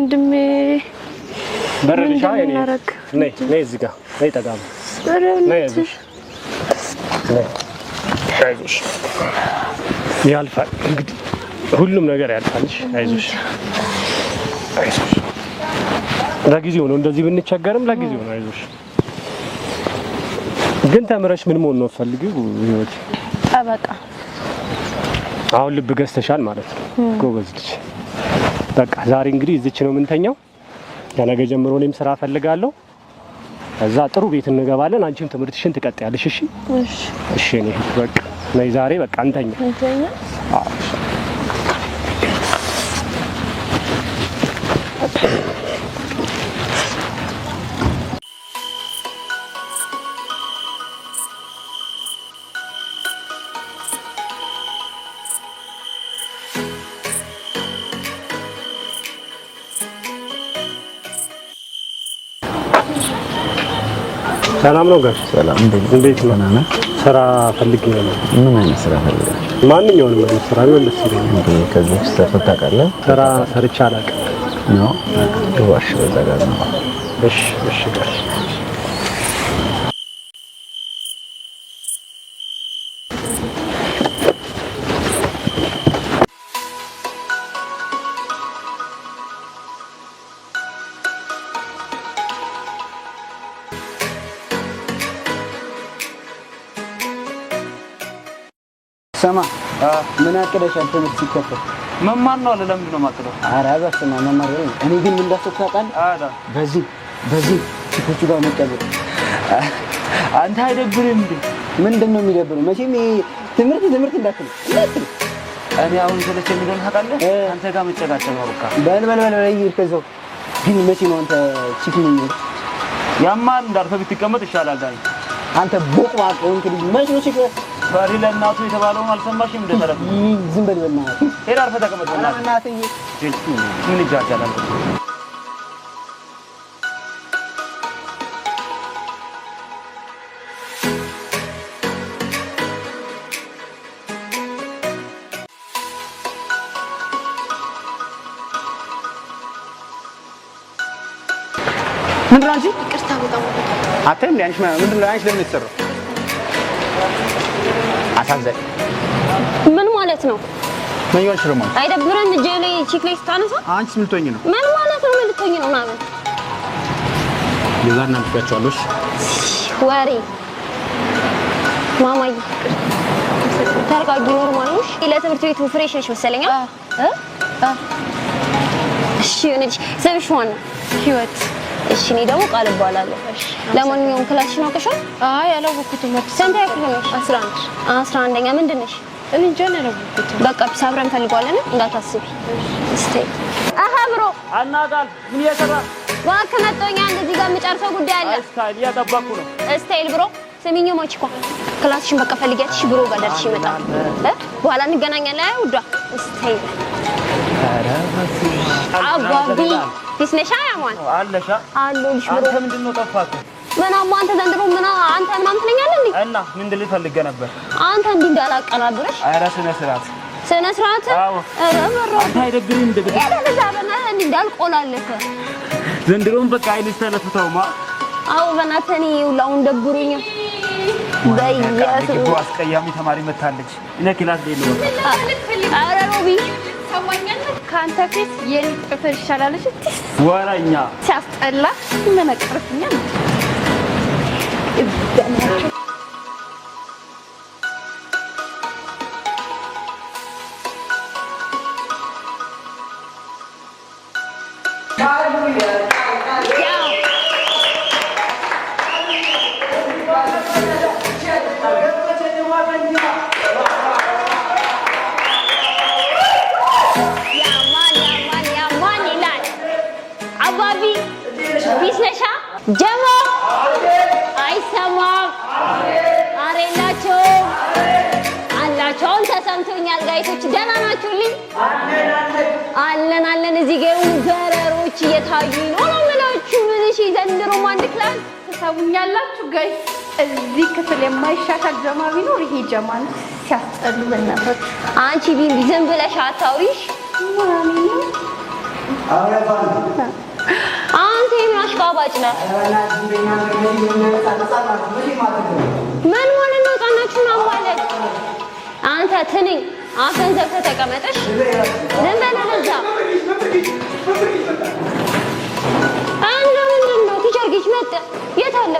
ወንድሜ በረሻ አይዞሽ ያልፋል። እንግዲህ ሁሉም ነገር ያልፋልሽ። አይዞሽ አይዞሽ። ለጊዜው ነው እንደዚህ ብንቸገርም ለጊዜው ነው። አይዞሽ ግን ተምረሽ ምን መሆን ነው ፈልጊው? ህይወት ጠበቃ። አሁን ልብ ገዝተሻል ማለት ነው። ጎበዝ ልጅ በቃ ዛሬ እንግዲህ እዚች ነው የምንተኛው። ከነገ ጀምሮ እኔም ስራ ፈልጋለሁ። ከዛ ጥሩ ቤት እንገባለን። አንቺም ትምህርትሽን ትቀጥያለሽ። እሺ እሺ። እኔ በቃ ነይ ዛሬ በቃ እንተኛ። ሰላም ነው ጋሽ? ሰላም እንዴት ነው? ስራ ፈልጌ ነው። ምን አይነት ስራ ፈልጋለህ? ማንኛውንም አይነት ስራ ነው ደስ ይለኛል። እንዴ ከዚህ ውስጥ ሰርተህ ታውቃለህ? ስራ ሰርቼ አላውቅም ነው። እሺ፣ እሺ ጋሽ ምን አቅደሻል? ትምህርት ሲከፈት መማር ነው አለ። ለምንድን ነው የማቅደው? ኧረ እባክህ መማር። ነው። እኔ ግን ምን እንዳሰብኩ ታውቃለህ? በዚህ በዚህ ሴቶቹ ጋር መቀበል። አንተ አይደብርህም? ምንድን ነው የሚደብረው? መቼም ትምህርት ትምህርት እንዳትል እኔ አሁን ስለች የሚለውን ታውቃለህ? አንተ ጋር መጨቃጨል ነው በቃ። በል በል በል ይሄድ ከዛው። ግን መቼ ነው አንተ ቺክኒኝ? ያማን እንዳልፈ ብትቀመጥ ይሻላል። አንተ ቦቅባቅ ወንክ ልጅ መቼ ነው ባሪ ለእናቱ የተባለውን አልሰማሽም? እንደተረፈ ዝም በል በእናትህ። ሄዳ አርፈህ ተቀመጥ በእናትህ። ምን ይጃጃላል? ምንድን ነው አንቺ? ይቅርታ በጣም አታይም። ምንድን ነው አንቺ ለምን የተሰራው ምን ማለት ነው? ምን ይወልሽ ነው? አይደብርም? እጄ ላይ ቺክ ላይ ስታነሳ አንቺ ምን ነው? ምን ማለት ነው? ምን ልትሆኚ ነው? ምናምን የዛና ልትቀጫለሽ ወሬ ማማዬ ተረጋጊ። ኖርማል ነው። ለትምህርት ቤቱ ፍሬሽ ነሽ መሰለኝ። እሺ፣ እሺ። ስምሽ ማን ነው? ህይወት እሺ፣ እኔ ደግሞ ቃል እባላለሁ። ለማንኛውም ክላስሽን አውቀሻል? አይ አላወኩትም። ስንት ያክል ሆነሽ? አስራ አንድ አስራ አንደኛ ምንድን ነሽ? እኔ እንጃ አላወኩትም። በቃ ፒስ አብረን እንፈልገዋለን፣ እንዳታስቢ። እስቲ አሃ ብሮ አናዳል ምን እየሰራ ዋክ መጥቶኛ እንደዚህ ጋር የምጨርሰው ጉዳይ አለ። እስታይል እያጠባኩ ነው። እስታይል ብሮ ስሚኝ ሞችኳ ክላስሽን በቃ ፈልጊያትሽ ብሮ ጋር ደርሼ እመጣለሁ። በኋላ እንገናኛለን። አይ ውዷ እስታይል አጓጉ ዲስ ነሻ ያማን አለሻ አለሽ አንተ ምንድን ነው ጠፋህ? ምን አንተ ዘንድሮ ምን አንተ ምናምን ትለኛለህ እንዴ? እና ምን እንድልህ ፈልገህ ነበር? አንተ እንዲህ እንዳላቀናብርሽ። ኧረ ስነ ስርዓት ስነ ስርዓት። ኧረ በራ አይደብርህም? እንደ ግድ እንዲህ እንዳልቆላለፈ ዘንድሮም በቃ አይልሽ ተለፍተውማ። አዎ በእናትህ እኔ ይኸውልህ ደብሩኝ ደብሮኛል። አስቀያሚ ተማሪ መታለች። እኔ ክላስ ሌለው። ኧረ ሮቢ ከአንተ ፊት የኔ ጥፍር ይሻላለች። ወረኛ ሲያስጠላ መነቀርፍኛ ነው ነሻ ጀሞ አይሰማም። አሬ የላቸውም አላቸው። አሁን ተሰምቶኛል። ጋይቶች ደህና ናችሁልኝ? አለን አለን። እዚህ ጋ ዘረሮች እየታዩ ነው ነው የምላችሁ። ምን እሺ፣ ዘንድሮም አንድ ክላስ ትሰሙኛላችሁ ጋይ እዚህ ክፍል የማይሻሻል ጀማ ቢኖር ይሄ ጀማን ሲያስጠሉ በእናቶች። አንቺ ቢምቢ ዝም ብለሽ አታውሽ። አንተ የምን አሽቃባጭ ነህ? ምን ሆነ ነው ህጻናችሁን አዋለድ? አንተ ትንኝ አፈን ዘግተህ ተቀመጥሽ። ዝም በል ለዛ አንተ ምንድን ነው ቲቸር ጊች መጣ። የት አለ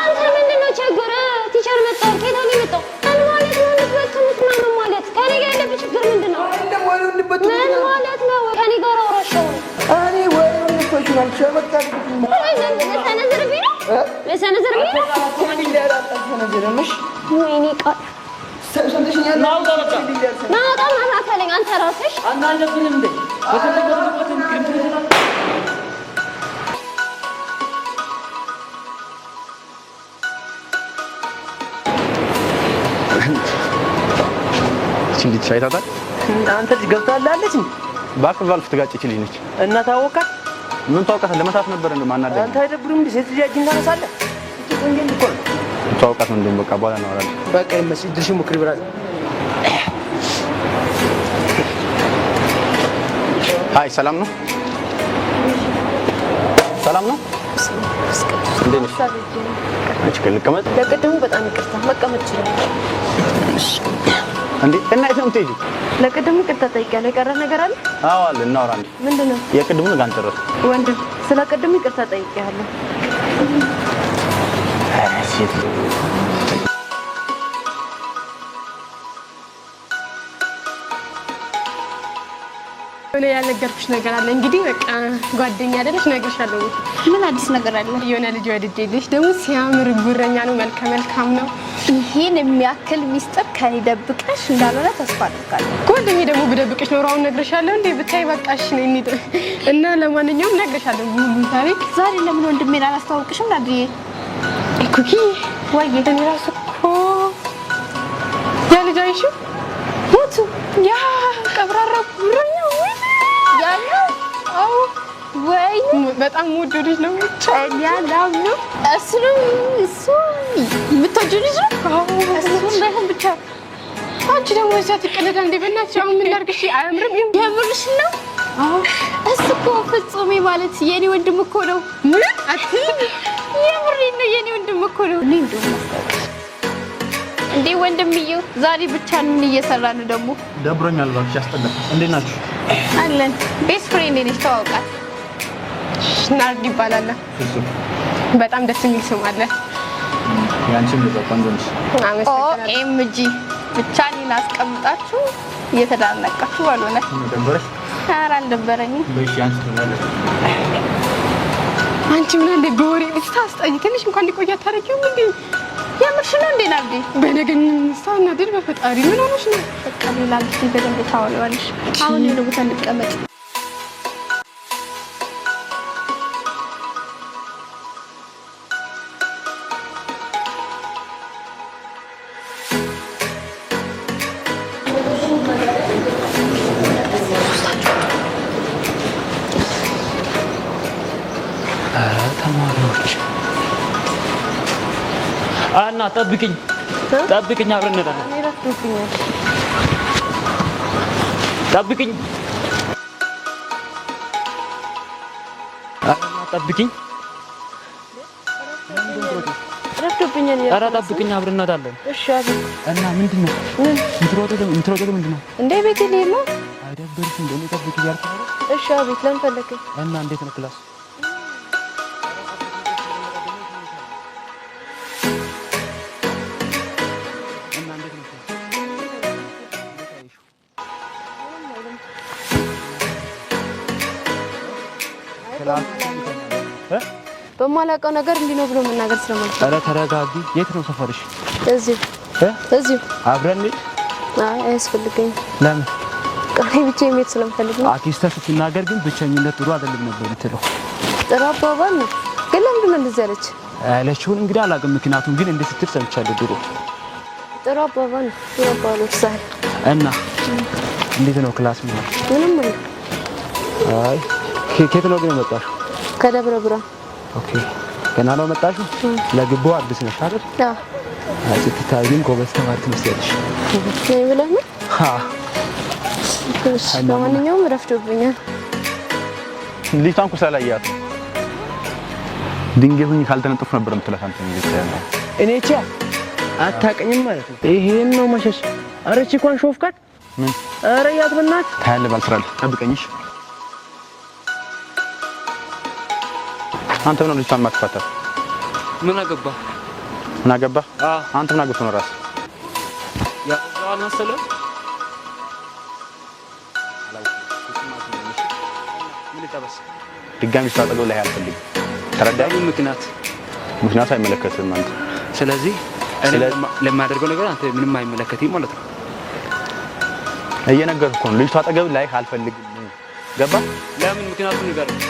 አንተ? ምንድን ነው ችግር? ቲቸር መጣ። ሲንግት ሻይ ታጣል አንተ ልጅ ገብታላለች እንዴ? ባክ ትጋጭ ትጋጨች ልጅ ነች እና ታወቃት። ምን ታውቃታለህ? ለመሳት ነበር እንዴ ማናደኝ። አንተ አይደብሩም እንዴ? ሴት ልጅ አጅን ታነሳለህ። ታውቃት ነው እንዴ? በቃ በኋላ እናወራለን። በቃ ይመስል ድርሽ ሙክሪ አይ ሰላም ነው፣ ሰላም ነው። እንዴት ነሽ? አንቺ ከልቀመጥ ለቅድሙ በጣም ይቅርታ መቀመጥ ይችላል። እንዴ! እና የት ነው የምትሄጂው? ለቅድሙ ይቅርታ ጠይቄያለሁ። የቀረ ነገር አለ? አዎ አለ። እናውራ። እንዴ! ምንድን ነው? የቅድሙን ጋር አንጨረስም። ወንድም ስለ ቅድሙ ይቅርታ ጠይቄያለሁ። ኧረ ሴት የሆነ ያልነገርኩሽ ነገር አለ። እንግዲህ በቃ ጓደኛ አይደለሽ፣ እነግርሻለሁ። ምን አዲስ ነገር አለ? የሆነ ልጅ ወድጄልሽ ደግሞ ሲያምር ጉረኛ ነው፣ መልከ መልካም ነው ይሄን የሚያክል ሚስጥር ከኔ ደብቀሽ እንዳልሆነ ተስፋ አድርጋለሁ። ጓደኛዬ ደግሞ ብደብቅሽ ኖሮ አሁን እነግርሻለሁ እንዴ ብታይ በቃሽ የሚጥ እና ለማንኛውም እነግርሻለሁ ሁሉም ታሪክ። ዛሬ ለምን ወንድሜን አላስተዋውቅሽም? ናድዬ ኩኪ ወይ እኔ ራሱ እኮ ያ ልጅ አይሽው ሞቱ ያ ቀብራራ ጉረኛ ወይ ያለው አዎ ወይ በጣም ውድ ልጅ ነው ብቻ ያ እሱንም እሱ የምትወጂው ልጅ ነው። ባይሆን ብቻ አንቺ ደግሞ እዛ ትቀደዳ እንደ በእናትሽ አሁን ምን ላድርግ? እሺ አያምርም። የምርሽ ነው? እሱ እኮ ፍጹሜ ማለት የኔ ወንድም እኮ ነው። ምን አትይም? የምሬን ነው። የኔ ወንድም እኮ ነው። እኔ እንደውም እንዴ ወንድምዬው ዛሬ ብቻህን ምን እየሰራ ነው ደግሞ? ደብሮኛል እባክሽ፣ ያስጠላል። እንዴት ናችሁ? አለን። ቤስት ፍሬንድ ነች፣ ተዋውቃት። ናርድ ይባላል። በጣም ደስ የሚል ስም አለ። ያንቺም ኦኤምጂ ብቻ እኔን አስቀምጣችሁ እየተዳነቃችሁ ባልሆነ ኧረ አልደበረኝም። አንቺ ምን አለ በወሬ ብታስጠኝ ትንሽ እንኳን ሊቆይ አታደርጊውም እንዴ? የምርሽ ነው እንዴ? ናብዴ እና ድል በፈጣሪ ምን ሆነሽ ነው? በቃ ሌላ ልጅ በደንብ ታወለዋለሽ። አሁን የሆነ ቦታ እንቀመጥ እና ጠብቅኝ ጠብቅኝ፣ አብረን እንሄዳለን። ጠብቅኝ ጠብቅኝ፣ ኧረ ጠብቅኝ፣ አብረን እንሄዳለን። እና ምንድን ነው የምትሮጠው? ምንድን ነው እንደ ቤት የለኝም አይደብርሽም? እኔ ጠብቅ እያልኩ እሺ፣ አቤት። ለምን ፈለግከኝ? እና እንዴት ነው ክላስ በማላውቀው ነገር እንዲህ ነው ብሎ መናገር ስለማለት። ኧረ ተረጋጊ። የት ነው ሰፈርሽ? እዚህ እ እዚህ አብረን አይ አያስፈልገኝም። ለምን? ቃሌ ብቻ መሄድ ስለምፈልግ ነው። አክስቷ ስትናገር ግን ብቸኝነት ጥሩ አይደለም ነበር የምትለው። ጥሩ አባባል ነው፣ ግን ለምንድን ነው እንደዚህ አለች? ያለችውን እንግዲህ አላውቅም፣ ምክንያቱም ግን እንዴት ስትል ሰምቻለሁ። ድሮ ጥሩ አባባል ነው የባሉት ዛሬ እና እንዴት ነው ክላስ ምን ምንም አይ፣ ከየት ነው ግን የመጣሽው? ከደብረ ብርሃን ኦኬ ገና ነው መጣሽ? ለግቦ አዲስ ነሽ አይደል? አዎ። አይ ትታይም ጎበዝ ተማሪ ትመስያለሽ። ነው ብለህ ነው? አዎ። ለማንኛውም ረፍዶብኛል። ልጅቷን ኩሳ ላይ ያት ድንጋይ ሁኝ ካልተነጠፉ ነበር የምትላት አንተ ነው ልጅቷ ያለው። እኔ ቻ አታውቅኝም ማለት ነው። ይሄን ነው መሸሽ። አረቺ እንኳን ሾፍካት ምን? አረ ያት በእናትህ ታያለህ። ባልስራለህ ጠብቀኝሽ አንተ ምን ልጅቷን የማትፋታት? ምን አገባ ምን አገባ? አንተ ምን አገባ ነው ራስ ያ ድጋሚ ስታጠገው ላይ አልፈልግም። ተረዳኝ። ምክንያት ምክንያት አይመለከትም አንተ። ስለዚህ ለማደርገው ነገር አንተ ምንም አይመለከትም ማለት ነው። እየነገርኩህ ነው። ልጅቷ አጠገብ ላይ አልፈልግም። ገባ? ለምን? ምክንያቱም ንገረኝ።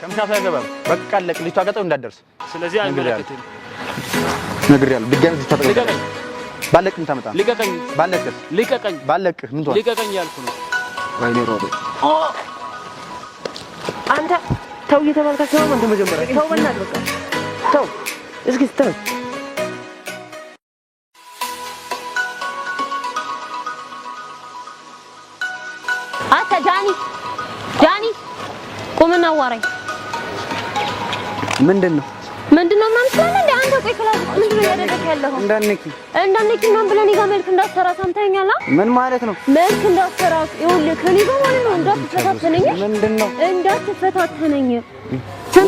ከምሻቱ አይገባም። በቃ አለቅ። ልጅቷ ጋጠው እንዳትደርስ። ስለዚህ አይመለከትም። ነግሬያለሁ። ድጋሚ ልጅቷ ጋጠው ልቀቀኝ። ባለቅ የምታመጣ ልቀቀኝ። ባለቅ ልቀቀኝ። ባለቅ ምን ትሆን? ልቀቀኝ ያልኩ ነው። ወይኔ ሮቤ፣ አንተ ተው እየተባልክ አትሰማም። አንተ መጀመሪያ ተው፣ በእናትህ በቃ ተው። እስኪ ስትመስ አንተ ጃኒ ጃኒ ቁምና አዋራኝ። ምንድን ነው ምንድን ነው እንደ አንተ ቆይ ክላስ ምንድን ነው ያደረክ ያለው? ብለህ እኔ ጋር መልክ ሰምተኸኛል? ምን ማለት ነው መልክ እንዳሰራ? ይኸውልህ ከእኔ ጋር ማለት ነው እንዳትፈታተነኝ። ምንድን ነው እንዳትፈታተነኝ?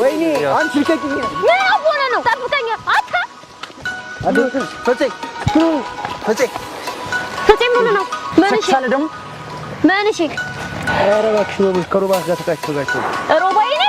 ወይኔ አንቺ ልቀቂኝ። ምን አቦነ ነው ጠብቀኝ። አታ አዱ ቱ ምን ነው ሳለ ደግሞ ኧረ እባክሽ ነው ጋር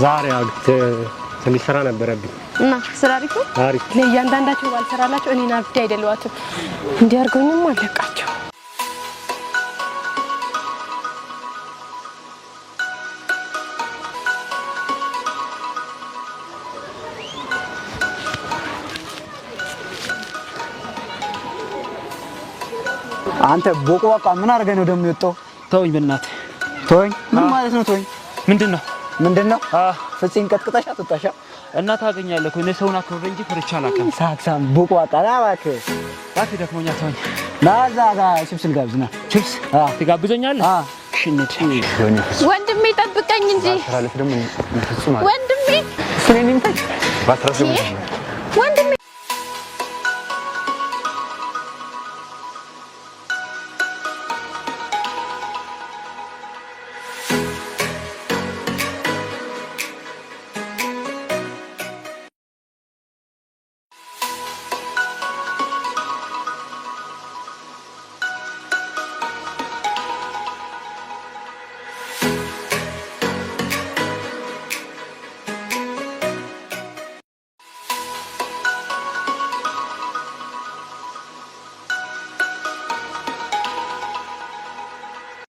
ዛሬ አግት ትንሽ ስራ ነበረብኝ እና ስራ አሪፍ ነው። አሪፍ ለእያንዳንዳቸው ባልሰራላቸው እኔን አብዴ አይደለዋትም። እንዲያርገኝም አለቃቸው አንተ ቦቆ በቃ ምን አድርገህ ነው ደግሞ የወጣው? ተወኝ፣ በእናትህ ተወኝ። ምን ማለት ነው ተወኝ? ምንድን ነው ምንድን ነው ፍፄን ቀጥቅጠሽ አትወጣሻ? እና ታገኛለህ እኮ እኔ ሰውን አክብሬ እንጂ ፍርቻ አላውቅም። ሳክሳም ቡቁ አጣና እባክህ እባክህ ደክሞኛል። ተወኝ። ና እዛ ጋር ችፕስ ልጋብዝና ችፕስ ትጋብዘኛለህ? ወንድሜ ጠብቀኝ እንጂ ወንድሜ